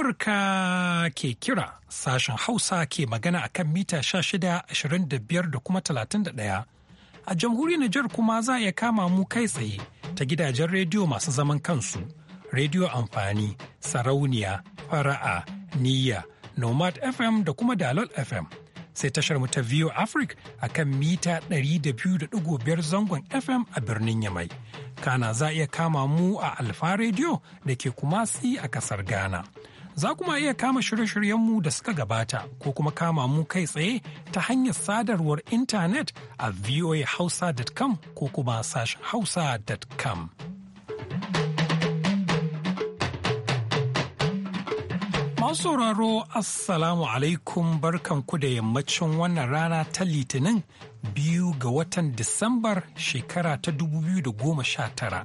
Amurka ke kira sashen Hausa ke magana a kan mita 1625 da kuma 31. A jamhuriyar Nijar kuma za a iya kama mu kai tsaye ta gidajen rediyo masu zaman kansu, rediyo amfani, sarauniya, fara'a, niyya, nomad FM da kuma dalol FM. Sai tashar mu ta View Africa a kan mita 200.5 zangon FM a birnin Yamai. Kana za a iya kama mu a Alfa rediyo da ke Kumasi a kasar Ghana. Za kuma iya kama shirye-shiryenmu da suka gabata ko kuma kama mu kai tsaye ta hanyar sadarwar intanet a voahausa.com ko kuma sashen Masu sauraro Assalamu alaikum barkanku da yammacin wannan rana ta Litinin biyu ga watan Disambar shekara ta 2019.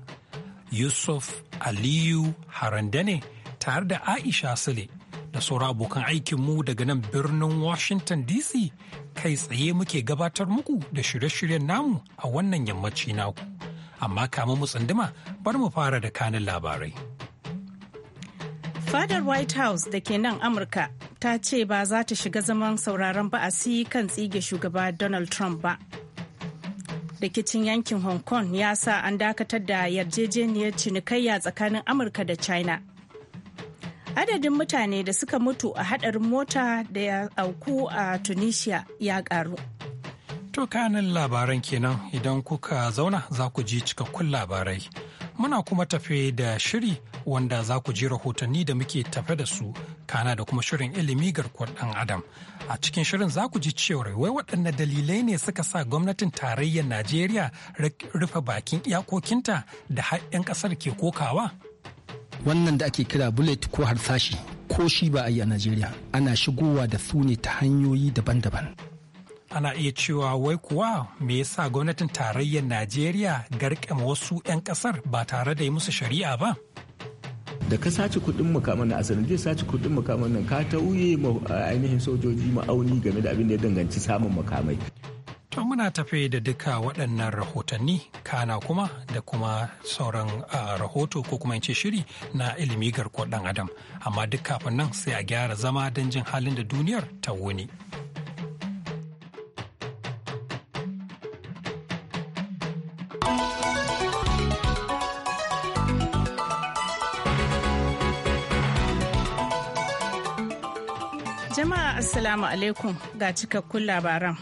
Yusuf Aliyu Harandane ne tare da Aisha Sule da sauran abokan aikinmu daga nan birnin Washington DC kai tsaye muke gabatar muku da shirye-shiryen namu a wannan yammaci naku. Amma kama mu tsunduma bari mu fara da kanin labarai. Fadar White House da ke nan Amurka ta ce ba za ta shiga zaman sauraron ba'asi kan tsige shugaba Donald Trump ba. rikicin yankin hong kong ya sa an dakatar da yarjejeniyar cinikayya tsakanin amurka da china Adadin mutane da suka mutu a hadarin mota da ya auku a Tunisia ya karu. To kanin labaran kenan idan kuka zauna za ku ji cikakkun labarai. Muna kuma tafe da shiri wanda za ku ji rahotanni da muke tafe da su kana da kuma shirin ilimi garkuwar ɗan adam. A cikin shirin za ku ji cewar wai waɗanne dalilai ne suka sa gwamnatin tarayyar Najeriya rufe bakin iyakokinta da har 'yan ƙasar ke kokawa? wannan da ake kira bullet ko harsashi ko shi ba a yi a najeriya ana shigowa da su ne ta hanyoyi daban-daban ana iya cewa wai kuwa me yasa gwamnatin tarayyar najeriya garkama wasu 'yan kasar ba tare da yi musu shari'a ba da ka sace kudin mukamman nan asalin zai sace kudin mukamman nan ka tauye ainihin sojoji ma'auni game da abin da ya danganci samun mukamai. muna tafe da duka waɗannan rahotanni kana kuma da kuma sauran rahoto ko kuma ce shiri na ilimi garkuwar ɗan adam amma duk kafin nan sai a gyara zama don jin halin da duniyar ta wuni. Jama'a Assalamu alaikum ga cikakkun labaran.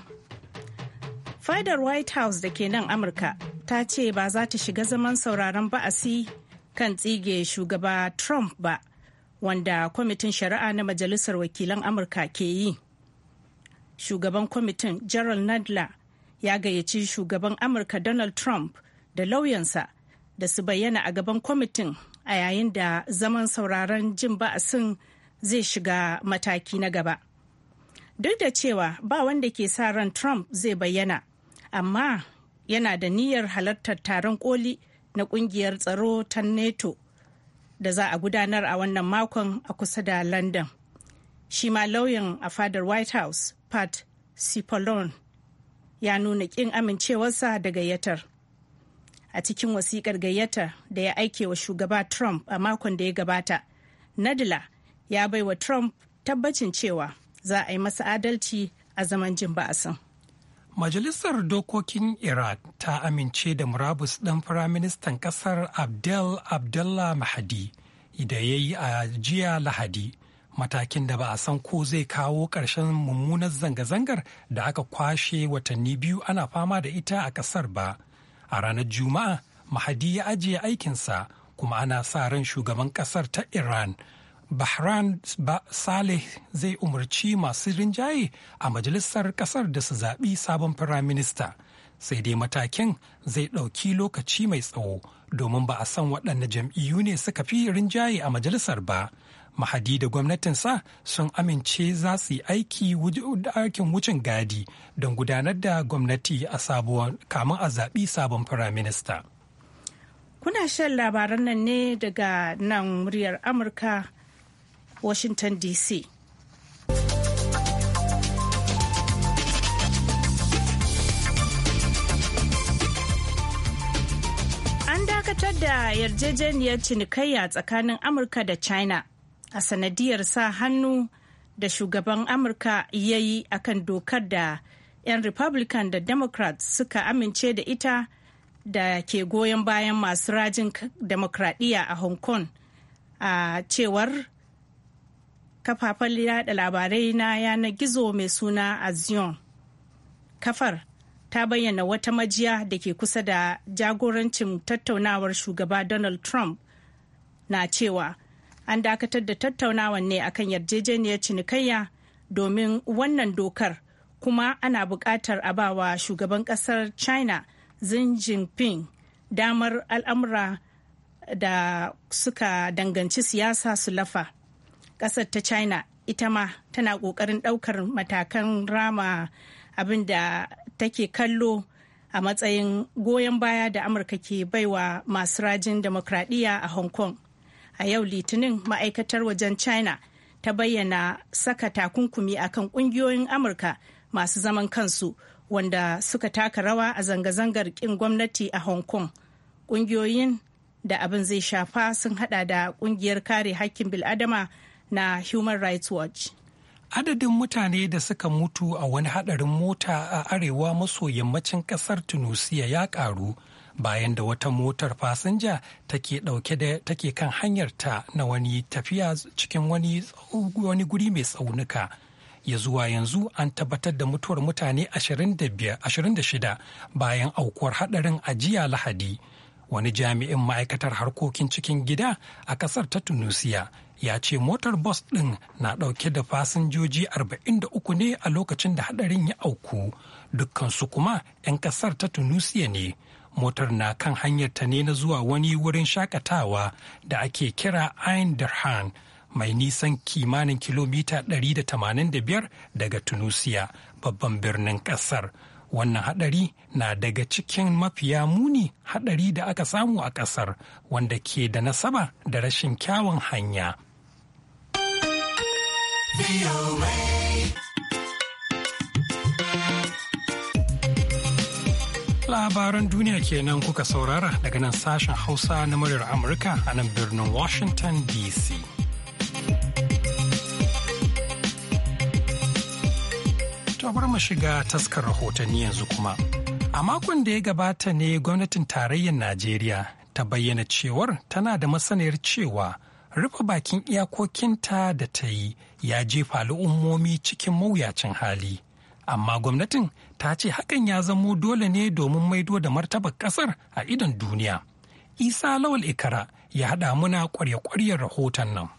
fadar white house da ke nan amurka ta ce ba za ta shiga zaman sauraron ba'asi kan tsige shugaba trump ba wanda kwamitin shari'a na majalisar wakilan amurka ke yi shugaban kwamitin gerald nadler ya gayyaci shugaban amurka donald trump da lauyansa da su bayyana a gaban kwamitin a yayin da zaman sauraron jin ba'asin zai shiga mataki na gaba duk da cewa ba wanda ke sa ran trump zai bayyana amma yana da niyyar halartar taron koli na kungiyar tsaro ta NATO da za a gudanar a wannan makon a kusa da London. Shi ma lauyan a fadar White House, Pat Cipollone, ya nuna ƙin amincewarsa da gayyatar. A cikin wasiƙar gayyatar da ya aike wa shugaba Trump a makon da ya gabata, Nadila ya baiwa Trump tabbacin cewa za a yi masa adalci a zaman jin ba'asin. Majalisar Dokokin Iraq ta amince da murabus ɗan Firaministan ƙasar Abdel Abdullah Mahadi da ya yi a jiya Lahadi, matakin da ba a san ko zai kawo ƙarshen mummunar zanga-zangar da aka kwashe watanni biyu ana fama da ita a ƙasar ba. A ranar Juma'a, Mahadi ya ajiye aikinsa kuma ana sa ran shugaban ƙasar ta Iran. bahran saleh zai umarci masu rinjaye a majalisar kasar da su zaɓi sabon firaminista sai dai matakin zai ɗauki lokaci mai tsawo domin ba a san waɗanne jam'iyyu ne suka fi rinjaye a majalisar ba mahadi da gwamnatinsa sun amince za su yi aiki aikin wucin gadi don gudanar da gwamnati a sabuwar kamun a zaɓi sabon firaminista. kuna shan labaran nan ne daga nan muryar amurka Washington DC. An dakatar da yarjejeniyar cinikayya tsakanin Amurka da China a sanadiyar sa hannu da shugaban Amurka ya yi akan dokar da 'yan Republican da Democrats suka amince da ita da ke goyon bayan masu rajin demokradiyya a Hong Kong a cewar kafafen yada labarai na yana gizo mai suna azion kafar ta bayyana wata majiya da ke kusa da jagorancin tattaunawar shugaba donald trump na cewa an dakatar da tattaunawan ne akan yarjejeniyar cinikayya domin wannan dokar kuma ana buƙatar a bawa shugaban ƙasar china xi jinping damar al'amura da suka danganci siyasa su lafa kasar ta china ita ma tana kokarin daukar matakan rama abin da take kallo a matsayin goyon baya da amurka ke baiwa masu rajin demokradiyya a hong kong a yau litinin ma'aikatar wajen china ta bayyana saka takunkumi akan kungiyoyin amurka masu zaman kansu wanda suka taka rawa a zanga-zangar kin gwamnati a hong kong kungiyoyin da abin zai shafa sun hada da kungiyar kare hakkin bil'adama na Human Rights Watch. adadin mutane da suka mutu a wani hadarin mota a arewa maso yammacin kasar tunisia ya karu bayan da wata motar fasinja take dauke da take kan hanyarta na wani tafiya cikin wani, wani guri mai tsaunuka ya zuwa yanzu an tabbatar da mutuwar mutane 26 bayan aukuwar hadarin a jiya lahadi wani jami'in ma'aikatar harkokin cikin gida a kasar ta tunisia ya ce motar bus ɗin na ɗauke da fasinjoji 43 ne a lokacin da haɗarin ya auku dukkansu kuma 'yan kasar ta tunisia ne motar na kan hanyar ta ne na zuwa wani wurin shakatawa da ake kira Ain Darhan mai nisan kimanin kilomita 185 daga Tunisia, babban birnin kasar. wannan haɗari na daga cikin mafiya muni haɗari da aka samu a ƙasar wanda ke da nasaba da rashin kyawun hanya. Labaran duniya kenan kuka saurara daga nan sashen Hausa na muryar Amurka a nan birnin Washington DC. bar mu shiga taskar rahotanni yanzu kuma. A makon da ya gabata ne gwamnatin tarayyar Najeriya ta bayyana cewar tana da masaniyar cewa rufe bakin iyakokinta da ta yi ya jefa al'ummomi cikin mawuyacin hali. Amma gwamnatin ta ce hakan ya zamo dole ne domin maido da martabar ƙasar a idon duniya. Isa Lawal Ikara ya haɗa muna kwarya ƙwaryar rahoton nan.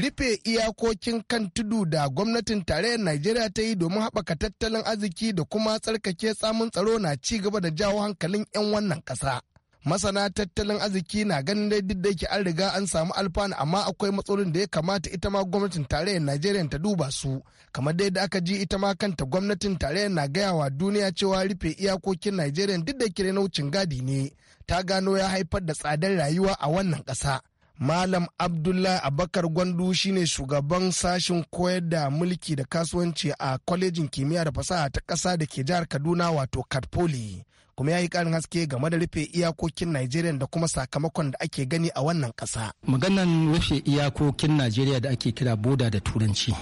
rufe iyakokin kan tudu da gwamnatin tarayyar Najeriya ta yi domin haɓaka tattalin arziki da kuma tsarkake tsamin tsaro na ci gaba da jawo hankalin 'yan wannan ƙasa. Masana tattalin arziki na ganin dai duk da yake an riga an samu alfanu amma akwai matsalolin da ya kamata ita ma gwamnatin tarayyar Najeriya ta duba su. Kamar dai da aka ji ita ma kanta gwamnatin tarayyar na gaya wa duniya cewa rufe iyakokin Najeriya duk da yake na wucin gadi ne. Ta gano ya haifar da tsadar rayuwa a wannan ƙasa. Malam Abdullahi Abakar Gwandu shine shugaban sashen koyar da mulki da kasuwanci a kwalejin kimiyya da fasaha ta ƙasa da ke jihar Kaduna wato Katpoli. kuma ya yi ƙarin haske game da rufe iyakokin Najeriya da kuma sakamakon da ake gani a wannan ƙasa. Maganan rufe iyakokin Najeriya da ake kira boda da turanci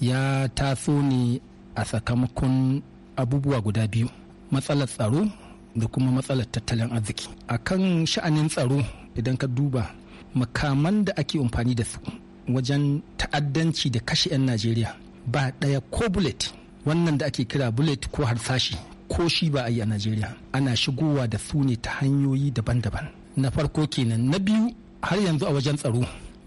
ya taso ne a sakamakon abubuwa guda biyu matsalar tsaro da kuma matsalar tattalin arziki. A kan sha'anin tsaro idan ka duba makaman da ake amfani da su wajen ta'addanci da kashe 'yan najeriya ba ɗaya ko bullet wannan da ake kira bullet ko harsashi ko shi ba a yi a najeriya ana shigowa da su ne ta hanyoyi daban-daban na farko kenan na biyu har yanzu a wajen tsaro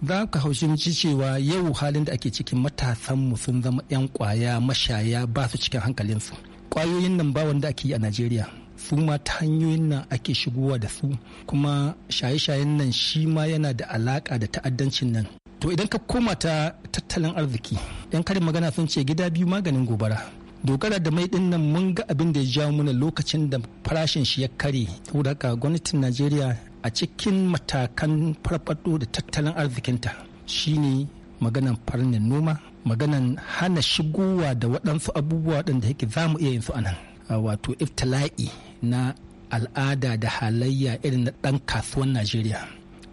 za ka haushin ci cewa yau halin da ake cikin matasan mu sun zama 'yan kwaya mashaya ba su cikin hankalinsu Ƙwayoyin nan ba wanda ake yi a najeriya su ma ta hanyoyin nan ake shigowa da su kuma shaye-shayen nan shi ma yana da alaka da ta'addancin nan to idan ka koma ta tattalin arziki yan karin magana sun ce gida biyu maganin gobara dogara da mai din nan mun ga abin da ya jawo muna lokacin da farashin shi ya kare daga gwamnatin najeriya a cikin matakan farfado da tattalin arzikinta shine maganan farnin noma maganan hana shigowa da waɗansu abubuwa da yake za mu iya yin su anan wato iftila'i na al'ada da halayya irin na ɗan kasuwan najeriya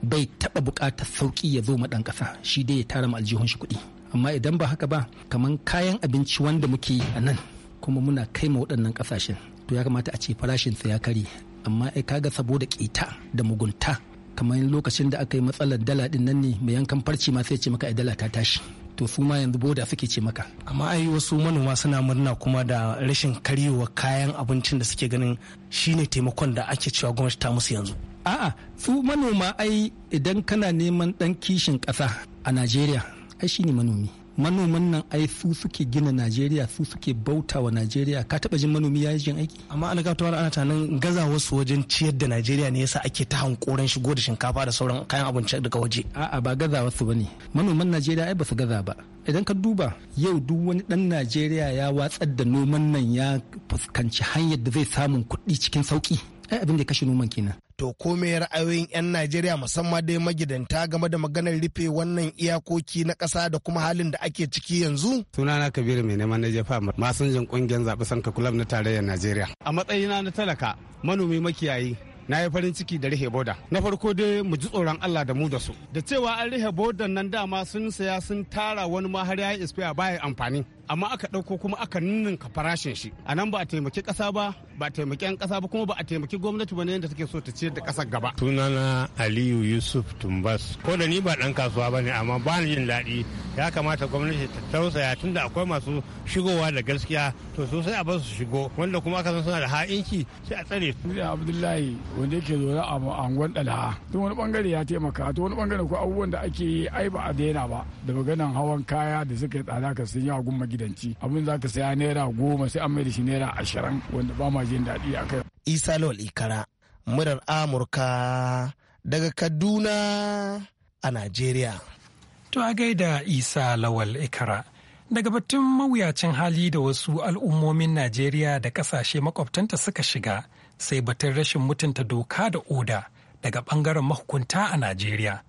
bai taɓa buƙatar sauƙi ya zo ma ɗan ƙasa shi dai ya tara ma aljihun shi kuɗi amma idan ba haka ba kamar kayan abinci wanda muke a nan kuma muna kai ma waɗannan ƙasashen to ya kamata a ce farashinsa ya kare amma ai kaga saboda ƙeta da mugunta kamar lokacin da aka yi matsalar dala ɗin nan ne mai yankan farci ma sai ce maka ai dala ta tashi to su ma yanzu boda suke ce maka amma ai wasu manoma suna murna kuma da rashin karyewa kayan abincin da suke ganin shine taimakon da ake cewa gwamnati ta musu yanzu a'a su manoma ai idan kana neman dan kishin kasa a Najeriya ai shine manomi manoman nan ai su suke gina najeriya su suke bauta wa najeriya ka taba jin manomi ya jin aiki amma an ga tawara ana tanan gaza wasu wajen ciyar da najeriya ne yasa ake ta hankoran shigo da shinkafa da sauran kayan abinci daga waje a'a ba gaza wasu bane manoman najeriya ai ba su gaza ba idan ka duba yau duk wani dan najeriya ya watsar da noman nan ya fuskanci hanyar da zai samun kuɗi cikin sauki ai abin da ya kashe noman kenan To kome ra'ayoyin 'yan Najeriya musamman dai magidanta game da maganar rufe wannan iyakoki na ƙasa da kuma halin da ake ciki yanzu? Sunana Kabiru mai neman na jefa masinjan ƙungiyar zaɓe sanka kulab na tarayyar Najeriya. A matsayina na talaka manomi makiyayi na yi farin ciki da rihe boda na farko dai mu ji tsoron Allah da mu da su da cewa an rihe bodan nan dama sun saya sun tara wani ma har ya expire baya amfani amma aka ɗauko kuma aka ninninka farashin shi a nan ba a taimaki ƙasa ba ba a taimaki 'yan ƙasa ba kuma ba a taimaki gwamnati ba ne yadda take so ta ciyar da ƙasar gaba. sunana aliyu yusuf tumbas ko da ni ba ɗan kasuwa ba ne amma ba ni jin daɗi ya kamata gwamnati ta tausaya tunda akwai masu shigowa da gaskiya to sosai a basu shigo wanda kuma aka san suna da ha'inci sai a tsare su. da abdullahi wanda yake zaune a angon ɗalaha wani bangare ya taimaka to wani bangare ko abubuwan da ake yi ai ba a daina ba da maganan hawan kaya da suka yi tsada ka sun yi a magidanci abin za saya naira goma sai an mai shi naira ashirin wanda ba ma jin daɗi a kai. isa lawal ikara murar amurka daga kaduna a najeriya. to a gaida isa lawal ikara daga batun mawuyacin hali da wasu al'ummomin najeriya da ƙasashe makwabtanta suka shiga sai batun rashin mutunta doka da oda daga bangaren mahukunta a najeriya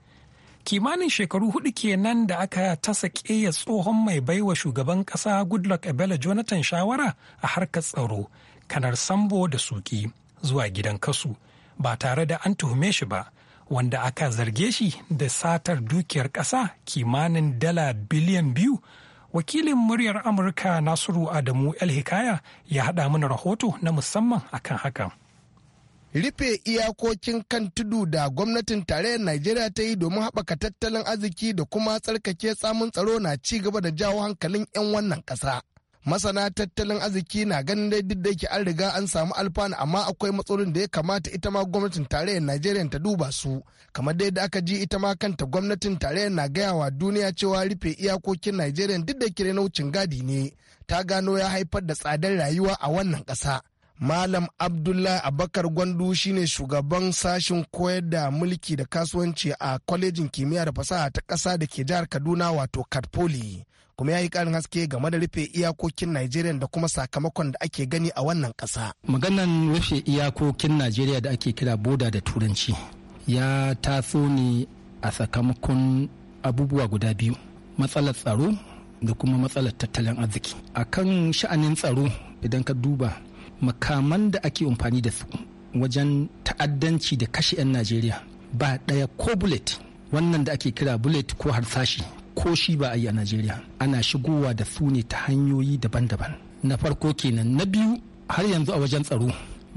kimanin shekaru hudu kenan da aka tasa keya tsohon mai baiwa shugaban kasa goodluck abela jonathan shawara a harkar tsaro kanar sambo da suki zuwa gidan kasu ba tare da an tuhume shi ba wanda aka zarge shi da satar dukiyar ƙasa kimanin dala biliyan biyu wakilin muryar amurka nasiru adamu el hikaya ya haɗa mana rahoto na musamman akan hakan rufe iyakokin kan tudu da gwamnatin tarayyar Najeriya ta yi domin haɓaka tattalin arziki da kuma tsarkake tsamun tsaro na ci gaba da jawo hankalin 'yan wannan ƙasa. Masana tattalin arziki na ganin dai duk da an riga an samu alfanu amma akwai matsalolin da ya kamata ita ma gwamnatin tarayyar Najeriya ta duba su. Kamar dai da aka ji ita ma kanta gwamnatin tarayyar na gaya wa duniya cewa rufe iyakokin Najeriya duk da kire na wucin gadi ne. Ta gano ya haifar da tsadar rayuwa a wannan ƙasa. Malam Abdullahi Abakar Gwandu shine shugaban sashen koyar da mulki da kasuwanci a kwalejin kimiyya da fasaha ta ƙasa da ke jihar Kaduna wato Katpoli. kuma ya yi karin haske game da rufe iyakokin Najeriya da kuma sakamakon da ake gani a wannan ƙasa. Maganan rufe iyakokin Najeriya da ake kira boda da turanci ya taso ne a sakamakon abubuwa guda biyu matsalar tsaro da kuma matsalar tattalin arziki. Akan sha'anin tsaro idan ka duba makaman da ake amfani da su wajen ta'addanci da kashe 'yan najeriya ba ɗaya ko bullet wannan da ake kira bullet ko harsashi ko shi ba a yi a najeriya ana shigowa da su ne ta hanyoyi daban-daban na farko kenan na biyu har yanzu a wajen tsaro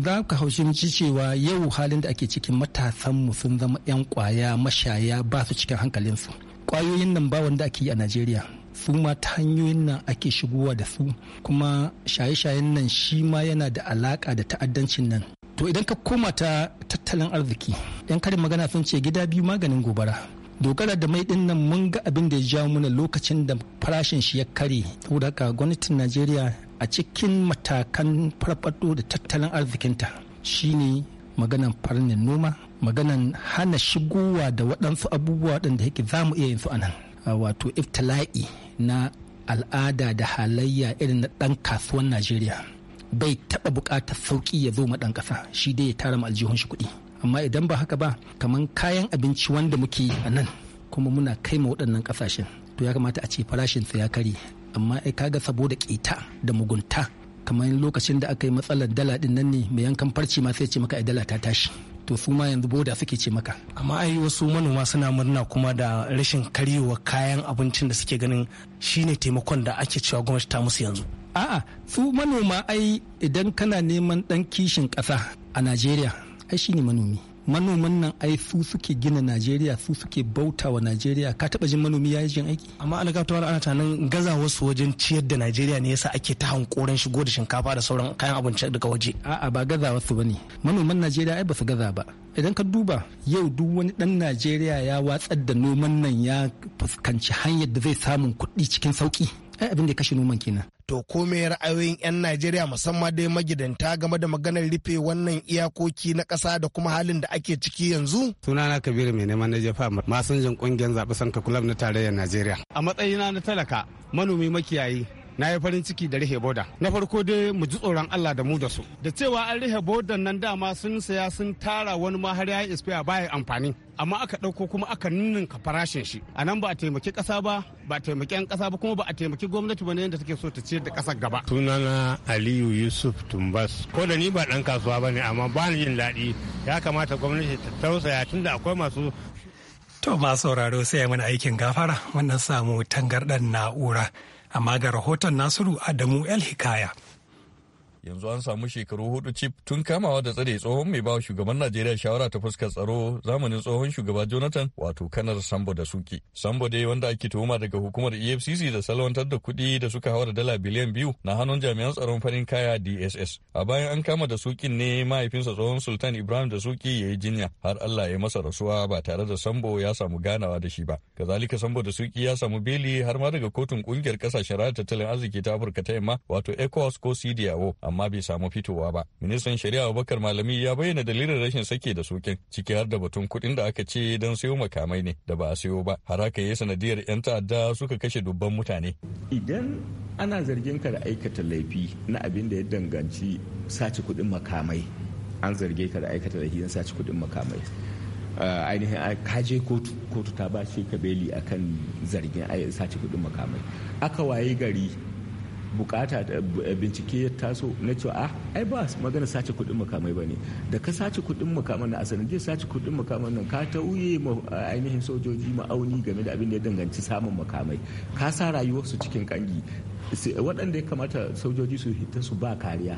za ka haushinci cewa yau halin da ake cikin matasanmu sun zama 'yan kwaya mashaya ba su cikin hankalinsu ƙwayoyin nan ba wanda ake yi a najeriya su ma ta hanyoyin nan ake shigowa da su kuma shaye-shayen nan shi ma yana da alaka da ta'addancin nan to idan ka koma ta tattalin arziki yan karin magana sun ce gida biyu maganin gobara dogara da mai din nan mun ga abin da ya jawo mana lokacin da farashin shi ya kare saboda haka gwamnatin najeriya a cikin matakan farfado da tattalin arzikinta shine maganan farnin noma maganan hana shigowa da waɗansu abubuwa ɗin da yake za mu iya yin su a wato iftila'i na al'ada da halayya irin na ɗan kasuwan najeriya bai taɓa buƙatar sauƙi ya zo ma ɗan ƙasa shi dai ya tara ma aljihun shi kuɗi amma idan ba haka ba kamar kayan abinci wanda muke a nan kuma muna kai ma waɗannan ƙasashen to ya kamata a ce farashinsa ya kare amma ai kaga saboda ƙeta da mugunta kamar lokacin da aka yi matsalar dala ɗin nan ne mai yankan farci ma sai ce maka ai dala ta tashi to su ma yanzu boda suke ce maka amma ai wasu manoma suna murna kuma da rashin karyewa kayan abincin da suke ganin shine taimakon da ake cewa gwamnati ta musu yanzu a'a su manoma ai idan kana neman dan kishin kasa a Najeriya ai shine manomi manoman nan ai su suke gina najeriya su suke bauta wa najeriya ka taba jin manomi ya jin aiki amma wani ana nan gaza wasu wajen ciyar da najeriya ne yasa ake ta hankoran shigo da shinkafa da sauran kayan abinci daga waje a'a ba gaza wasu bane manoman najeriya ai ba su gaza ba idan ka duba yau duk wani dan najeriya ya watsar da noman nan ya fuskanci hanyar da zai samun kuɗi cikin sauki ai eh, abin da kashe noman kenan to komai ra'ayoyin 'yan najeriya musamman dai magidanta game da maganar rufe wannan iyakoki na ƙasa da kuma halin da ake ciki yanzu sunana kabiru mai neman na jefa masanjin ƙungiyar zaɓe sanka kulab na tarayyar najeriya a matsayina na talaka manomi makiyayi na yi farin ciki da rihe boda na farko dai mu ji tsoron Allah da mu da su da cewa an rihe bodan nan dama sun saya sun tara wani ma har yayi expire baya amfani amma aka ɗauko kuma aka ninninka farashin shi a nan ba a taimaki ƙasa ba ba a taimaki 'yan ƙasa ba kuma ba a taimaki gwamnati ba ne yadda take so ta ciyar da ƙasar gaba. sunana aliyu yusuf tumbas ko da ni ba ɗan kasuwa ba ne amma ba ni jin daɗi ya kamata gwamnati ta tausaya tunda akwai masu to ma sauraro sai mana aikin gafara wannan samu tangarɗar na'ura amma ga rahoton Nasiru Adamu El Hikaya. yanzu an samu shekaru hudu cif tun kamawa da tsare tsohon mai bawa shugaban najeriya shawara ta fuskar tsaro zamanin tsohon shugaba jonathan wato kanar sambo da suki sambo dai wanda ake tuhuma daga hukumar efcc da salwantar da kuɗi da suka hawa da dala biliyan biyu na hannun jami'an tsaron farin kaya dss a bayan an kama da sukin ne mahaifinsa tsohon sultan ibrahim da suki ya yi jinya har allah ya masa rasuwa ba tare da sambo ya samu ganawa da shi ba kazalika sambo da suki ya samu beli har ma daga kotun kungiyar kasashen raya tattalin arziki ta afirka ta yamma wato ecowas ko cdao amma bai samu fitowa ba. Ministan Shari'a Abubakar Malami ya bayyana dalilin rashin sake da sokin ciki har da batun kuɗin da aka ce don sayo makamai ne da ba a sayo ba. Har haka ya sanadiyar 'yan ta'adda suka kashe dubban mutane. Idan ana zargin ka da aikata laifi na abin da ya danganci sace kuɗin makamai an zarge ka da aikata laifi na sace kuɗin makamai ah, ainihin kaje kotu ta ba ka beli akan zargin sace kuɗin makamai aka waye gari bukata da eh, bincike ya taso na cewa ah ai ba magana sace kuɗin makamai ba ne da ka sace kuɗin makaman na asalin zai sace kuɗin makaman nan ka tauye eh, ainihin sojoji ma'auni game da abin da ya danganci samun makamai ka sa rayuwarsu cikin kangi waɗanda ya kamata sojoji su hita su ba kariya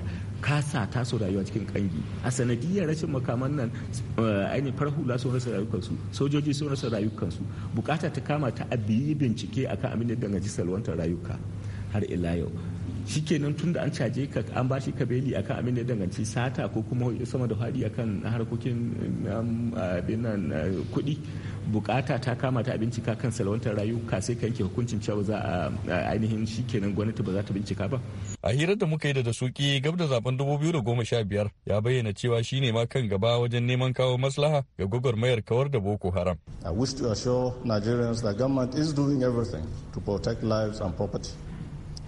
sa ta so rayuwa cikin kangi a sanadiyar rashin makaman nan eh, ainihin farar hula sun rasa rayukansu sojoji sun rasa rayukansu bukata ta kama ta abiyi bincike akan abin da ya danganci salwantar rayuka har ila yau shikenan tun da an caje ka an bashi ka beli akan abin da ya danganci sata ko kuma sama da fadi akan harkokin um, abinan uh, kuɗi bukata ta kama ta bincika kan salwantar rayuka sai ka yanke hukuncin cewa za a ainihin shikenan gwamnati ba za ta bincika ba a hirar da muka yi da da suki gab da zaben 2015 ya bayyana cewa shine ma kan gaba wajen neman kawo maslaha ga gwagwarmayar kawar da boko haram i wish to assure nigerians that government is doing everything to protect lives and property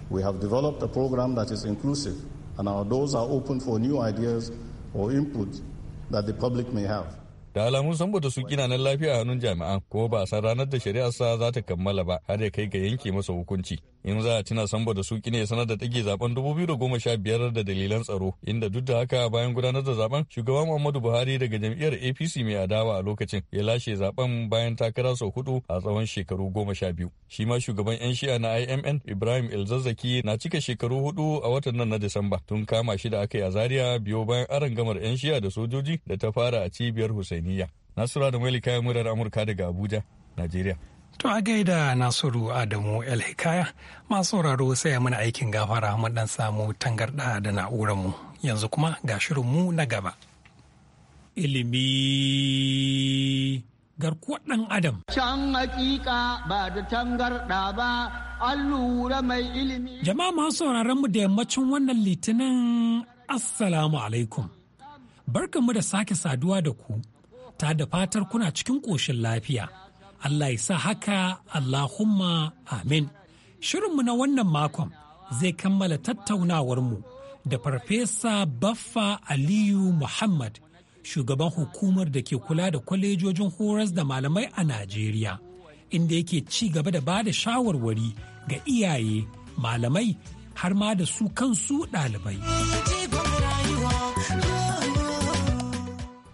We have developed a program that is inclusive, and our doors are open for new ideas or input that the public may have. da alamun san bata su kina nan lafiya hannun jami'an ko ba a san ranar da shari'arsa za ta kammala ba har ya kai ga yanke masa hukunci in za a tuna samba da suki ne sanar da ɗage zaben 2015 da dalilan tsaro inda duk da haka bayan gudanar da zaben shugaban muhammadu buhari daga jam'iyyar apc mai adawa a lokacin ya lashe zaben bayan takara sau hudu a tsawon shekaru goma sha biyu shi ma shugaban yan shi'a na imn ibrahim elzazzaki na cika shekaru hudu a watan nan na disamba tun kama shi da aka yi a zaria biyo bayan gamar yan shi'a da sojoji da ta fara a cibiyar husainiya nasura da kayan murar amurka daga abuja najeriya To a gaida Nasiru Adamu El Hikaya masu sauraro sai mana aikin gafara mu dan samu tangarɗa da na'urarmu yanzu kuma ga shirinmu na gaba. Ilimi garkuwar ɗan adam. Can hakika ba da tangarɗa ba an lura mai ilimi. Jama'a masu sauraron mu da yammacin wannan litinin Assalamu alaikum. Barkanmu da sake saduwa da ku, ta da fatar kuna cikin ƙoshin lafiya. Allah ya sa haka Allahumma amin. Shirinmu na wannan makon zai kammala tattaunawarmu da Farfesa Baffa Aliyu Muhammad, shugaban hukumar da ke kula da kwalejojin horas da malamai a Najeriya, inda yake ci gaba da ba da shawarwari ga iyaye, malamai har ma da su kansu ɗalibai.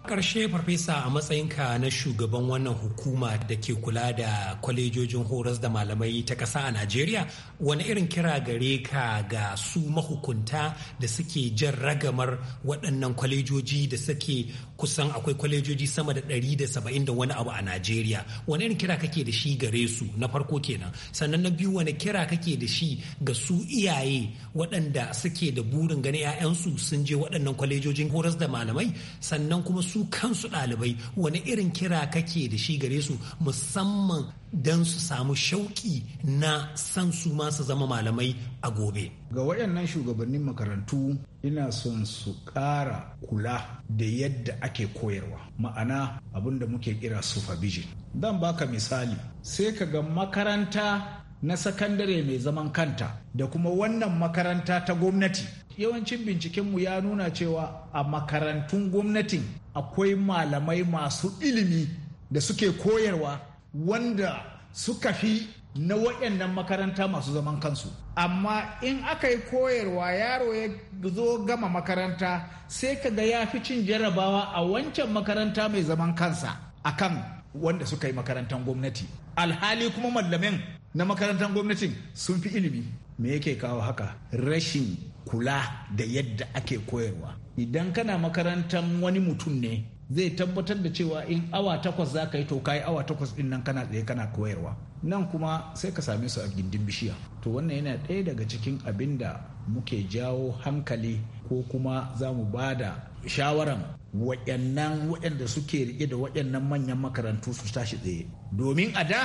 Ƙarshe farfesa a matsayinka na shugaban wannan hukuma da ke kula da kwalejojin horas da malamai ta ƙasa a Najeriya, wani irin kira gare ka ga su mahukunta da suke jan ragamar waɗannan kwalejoji da suke kusan akwai kwalejoji sama da ɗari da saba'in da wani abu a najeriya wani irin kira kake da shi gare su na farko kenan sannan na biyu wani kira kake da shi ga su iyaye waɗanda suke da burin gani 'ya'yansu sun je waɗannan kwalejojin horas da malamai sannan kuma su kansu ɗalibai wani irin kira kake da shi gare su musamman don su samu shauki na san su masu zama malamai a gobe. Ga waɗannan shugabannin makarantu ina son su ƙara kula da yadda ake koyarwa ma'ana abin da muke kira supervision. Zan baka misali sai ka ga makaranta na sakandare mai zaman kanta da kuma wannan makaranta ta gwamnati yawancin bincikenmu ya nuna cewa a makarantun gwamnatin akwai malamai masu ilimi da suke koyarwa wanda suka fi na waɗannan makaranta masu zaman kansu amma in aka yi koyarwa yaro ya zo gama makaranta sai ka ga ya fi cin jarabawa a wancan makaranta mai zaman kansa A kan wanda suka yi makarantar gwamnati alhali kuma mallamin na makarantar gwamnatin sun fi ilimi me yake kawo haka rashin kula da yadda ake koyarwa idan kana makarantar wani mutum ne zai tabbatar da cewa in awa takwas za ka yi to kayi awa takwas din nan kana tsaye kana koyarwa nan kuma sai ka same su a gindin bishiya to wannan yana ɗaya daga cikin abin da muke jawo hankali ko kuma za mu ba da shawaran waɗannan waɗanda suke rike da waɗannan manyan makarantu su tashi tsaye domin a da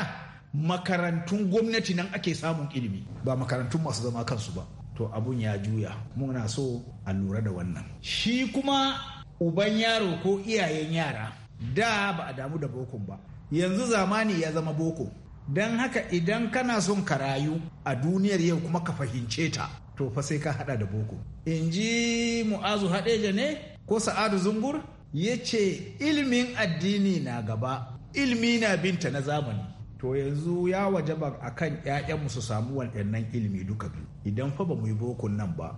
makarantun gwamnati nan ake samun ilimi ba makarantun masu zama kansu ba to abun ya juya muna so a lura da wannan shi kuma uban yaro ko iyayen yara da ba a damu da bokon ba yanzu zamani ya zama boko don haka idan kana son ka rayu a duniyar yau kuma ka fahimce ta to fa sai ka hada da boko in ji mu'azu haɗeja ne ko sa'adu Zumbur? ya ce ilimin addini na gaba ilimi na binta na zamani to yanzu ya wajaba a kan 'ya'yanmu su samu waɗannan ilimi duka biyu idan fa ba mu yi bokun nan ba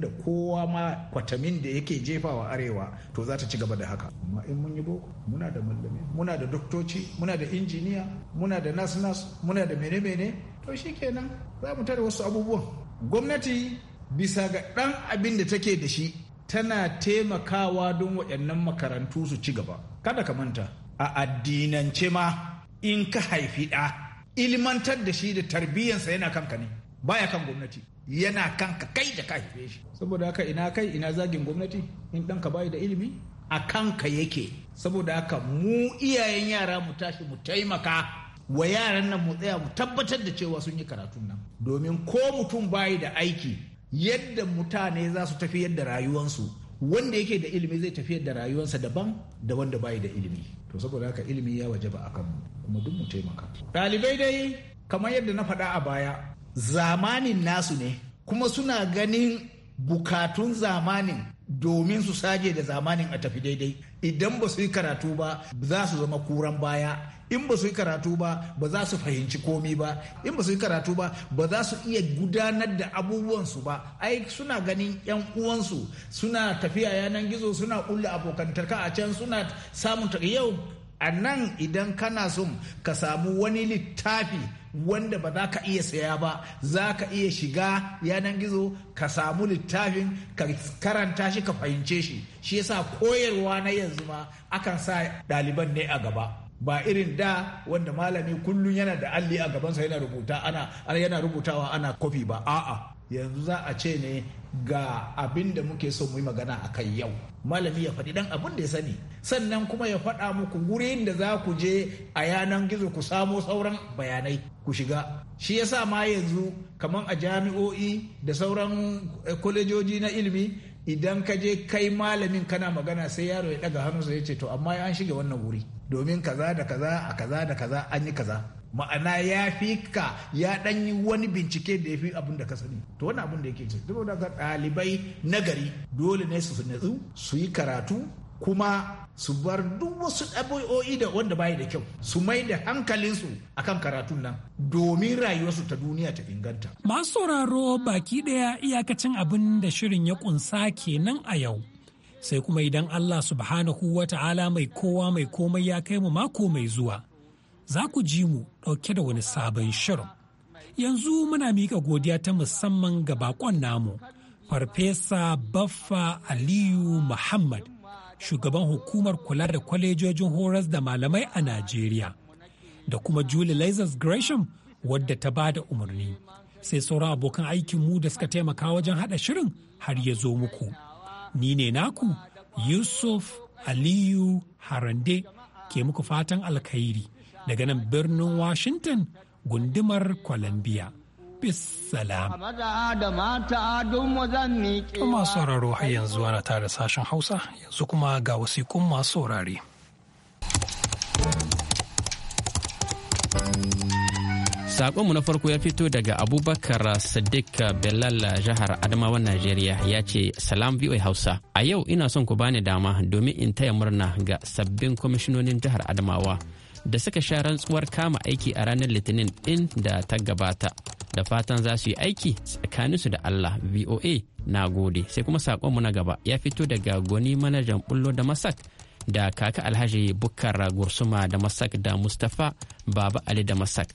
da kowa ma kwatamin da yake jefawa arewa to za ta ci gaba da haka amma in mun yi boko muna da mallami, muna da doktoci muna da injiniya muna da nas nas muna da mene-mene to shikenan za mu tare wasu abubuwan gwamnati bisa ga ɗan abin da take da shi tana taimakawa don waɗannan makarantu su ci gaba kada ka manta a addinance ma in ka haifi ɗa ilmantar da shi da tarbiyyansa yana kanka ne baya kan gwamnati yana kanka kai da ka haife shi saboda haka ina kai ina zagin gwamnati in ɗanka bayi da ilimi a kanka yake saboda haka mu iyayen yara mu tashi mu taimaka wa yaran nan mu tsaya mu tabbatar da cewa sun yi karatun nan domin ko mutum bayi da aiki yadda mutane za su tafi yadda rayuwansu wanda yake da ilimi zai tafiyar da rayuwansa daban da wanda bayi da ilimi to saboda haka ilimi ya wajaba a kanmu kuma duk mu taimaka ɗalibai dai kamar yadda na faɗa a baya zamanin nasu ne kuma suna ganin bukatun zamanin domin su saje da zamanin a tafi daidai idan ba su yi karatu ba za su zama kuran baya in ba su yi karatu ba ba za su fahimci komi ba in ba su yi karatu ba ba za su iya gudanar da abubuwansu ba ai suna ganin yan uwansu suna tafiya yanan gizo suna kulle abokantaka a can suna samun yau a nan idan kana son ka samu wani littafi wanda ba za ka iya saya ba za ka iya shiga yanar gizo ka samu littafin ka karanta shi ka fahimce shi shi yasa koyarwa na yanzu ma akan sa ɗaliban ne a gaba ba irin da wanda malami kullum yana da alli a gabansa yana rubuta ana yana rubutawa ana kofi ba a'a yanzu za a ce ne ga abin da muke so mu yi magana a kai yau malami ya faɗi dan abin da ya sani sannan kuma ya faɗa muku wurin da za ku je a yanan gizo ku samo sauran bayanai ku shiga shi yasa ma yanzu kamar a jami'o'i da sauran eh, kwalejoji na ilimi idan ka je kai malamin kana magana sai yaro ya ɗaga hannunsa ya ce to amma an shiga wannan wuri domin kaza da kaza a kaza da kaza an yi kaza ma'ana ya fi ka ya dan yi wani bincike da ya fi abin da ka sani to wani abin da yake ce duk da ɗalibai nagari dole ne su natsu su yi karatu kuma su bar duk wasu ɗabi'o'i da wanda bayi da kyau su mai da hankalinsu akan karatun nan domin rayuwarsu ta duniya ta inganta. Masu sauraro baki ɗaya iyakacin abin da shirin ya ƙunsa kenan a yau. Sai kuma idan Allah subhanahu wa ta'ala mai kowa mai komai ya kai mu mako mai zuwa. za ku ji mu ɗauke da wani sabon shirin. Yanzu muna miƙa godiya ta musamman ga bakon namu, Farfesa Baffa Aliyu Muhammad, shugaban hukumar kula da kwalejojin horas da malamai a Najeriya, da kuma Julie Lazarus Gresham wadda ta ba da umarni. Sai sauran abokan aikinmu da suka taimaka wajen haɗa shirin har ya zo muku. Ni ne naku Yusuf Aliyu Harande ke muku fatan alkhairi. daga nan birnin Washington gundumar Columbia. Bissalam. Kuma sauraro har yanzu ana tare sashen Hausa yanzu kuma ga wasikun masu saurare. saƙonmu na farko ya fito daga Abubakar Sadiq Belal jihar Adamawa Najeriya ya ce Salam VOA Hausa. A yau ina son ku bani dama domin in taya murna ga sabbin kwamishinonin jihar Adamawa. da suka sha rantsuwar kama aiki a ranar litinin din da ta gabata da fatan za su yi aiki tsakaninsu da allah voa na gode sai kuma saƙonmu na gaba ya fito daga goni manajan bullo da masak da kaka alhaji bukkar gursuma da masak da mustapha baba ali da masak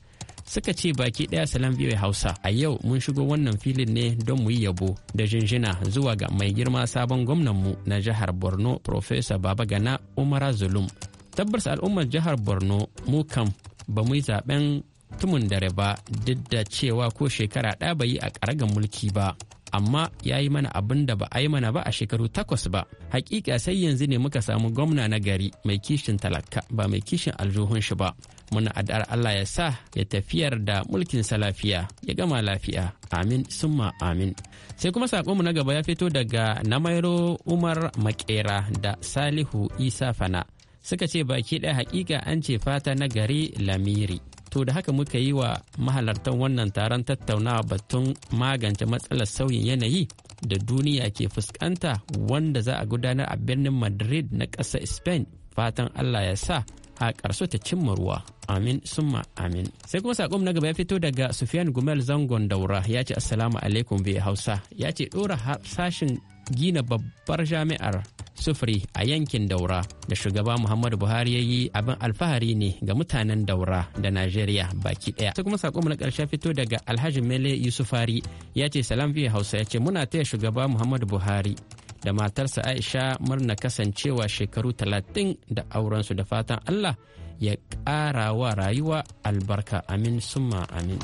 suka ce baki ɗaya salam biyu hausa a yau mun shigo wannan filin ne don mu yi yabo da jinjina zuwa ga mai girma sabon gwamnanmu na jihar borno profesa baba gana umara zulum tabbas al'ummar jihar borno mu kam ba mu yi zaben tumun dare ba duk da cewa ko shekara ɗaya bai yi a ƙaragan mulki ba amma ya yi mana abin da ba a yi mana ba a shekaru takwas ba hakika sai yanzu ne muka samu gwamna na gari mai kishin talaka ba mai kishin aljuhun shi ba muna addu'ar Allah ya sa ya tafiyar da mulkin sa lafiya ya gama lafiya amin summa amin sai kuma sakonmu na gaba ya fito daga namairo umar makera da salihu isa fana suka ce baki ɗaya hakika an ce fata na gari lamiri to da haka muka yi wa mahalartan wannan taron tattaunawa batun magance matsalar sauyin yanayi da duniya ke fuskanta wanda za a gudanar a birnin madrid na ƙasar spain fatan allah ya sa a ƙarshe ta cimma ruwa amin summa amin sai kuma sakon na gaba ya fito daga sufiyan gumel zangon daura ya ce assalamu alaikum bai hausa ya ce ɗora sashin gina babbar jami'ar sufuri a yankin daura da shugaba muhammadu buhari ya yi abin alfahari ne ga mutanen daura da najeriya baki daya ta kuma sakonmu na karshe fito daga alhaji mele yusufari ya ce salam biyu hausa ya ce muna taya shugaba muhammadu buhari da matarsa aisha murna kasancewa shekaru talatin da aurensu da fatan allah ya ƙara wa rayuwa albarka amin summa amin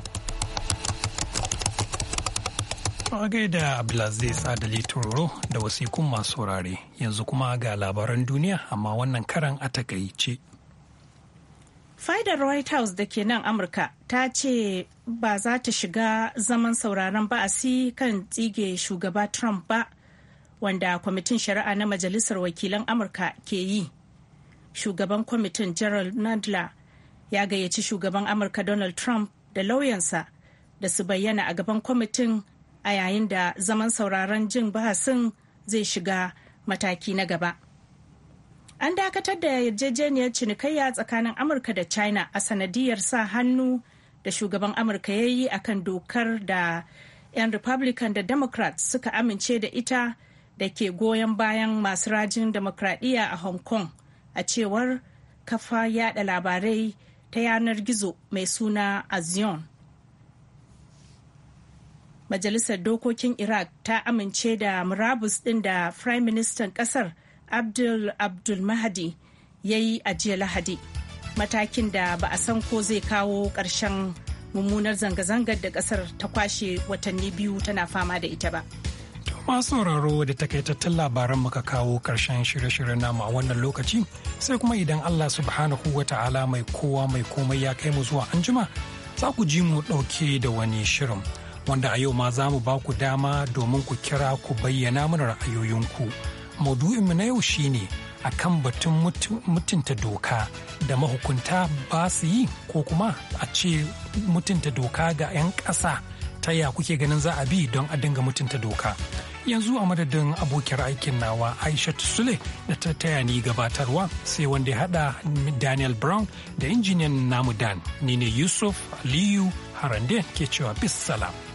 To a gaida Abdulaziz Adali Tororo da wasikun masu saurare yanzu kuma ga labaran duniya amma wannan karan a takaice. Fadar White House da ke nan Amurka ta ce ba za ta shiga zaman sauraron si kan tsige shugaba Trump ba wanda kwamitin shari'a na Majalisar Wakilan Amurka ke yi. Shugaban kwamitin Gerald Nadler ya gayyaci shugaban Amurka Donald Trump da lauyansa da su bayyana a gaban kwamitin a yayin da zaman sauraron jin bahasin zai shiga mataki na gaba. An dakatar da yarjejeniyar cinikayya tsakanin Amurka da China a sanadiyar sa hannu da shugaban Amurka ya yi akan dokar da 'yan Republican da Democrats suka amince da ita da ke goyon bayan masu rajin demokradiyya a Hong Kong a cewar kafa yada labarai ta yanar gizo mai suna Azion. Majalisar Dokokin Iraq ta amince da murabus din da Prime minister kasar Abdul Abdul Mahdi ya yi a jiya Lahadi. Matakin da ba a san ko zai kawo ƙarshen mummunar zanga-zangar da ƙasar ta kwashe watanni biyu tana fama da ita ba. masu sauraro da takaitattun labaran muka kawo karshen shirye-shiryen namu a wannan lokaci sai kuma idan Allah subhanahu wa ta'ala mai kowa mai komai ya kai mu zuwa anjima za ku ji mu ɗauke da wani shirin wanda a yau ma za mu ba ku dama domin ku kira ku bayyana mana ra'ayoyinku. Maudu'inmu na yau shine a kan batun mutunta doka da mahukunta ba su yi ko kuma a ce mutunta doka ga 'yan ƙasa ta ya kuke ganin za a bi don a dinga mutunta doka. Yanzu a madadin abokiyar aikin nawa aisha Sule da ta taya ni gabatarwa sai wanda ya haɗa Daniel Brown da injiniyan namu Dan, ni ne Yusuf Aliyu Harande ke cewa bis salam.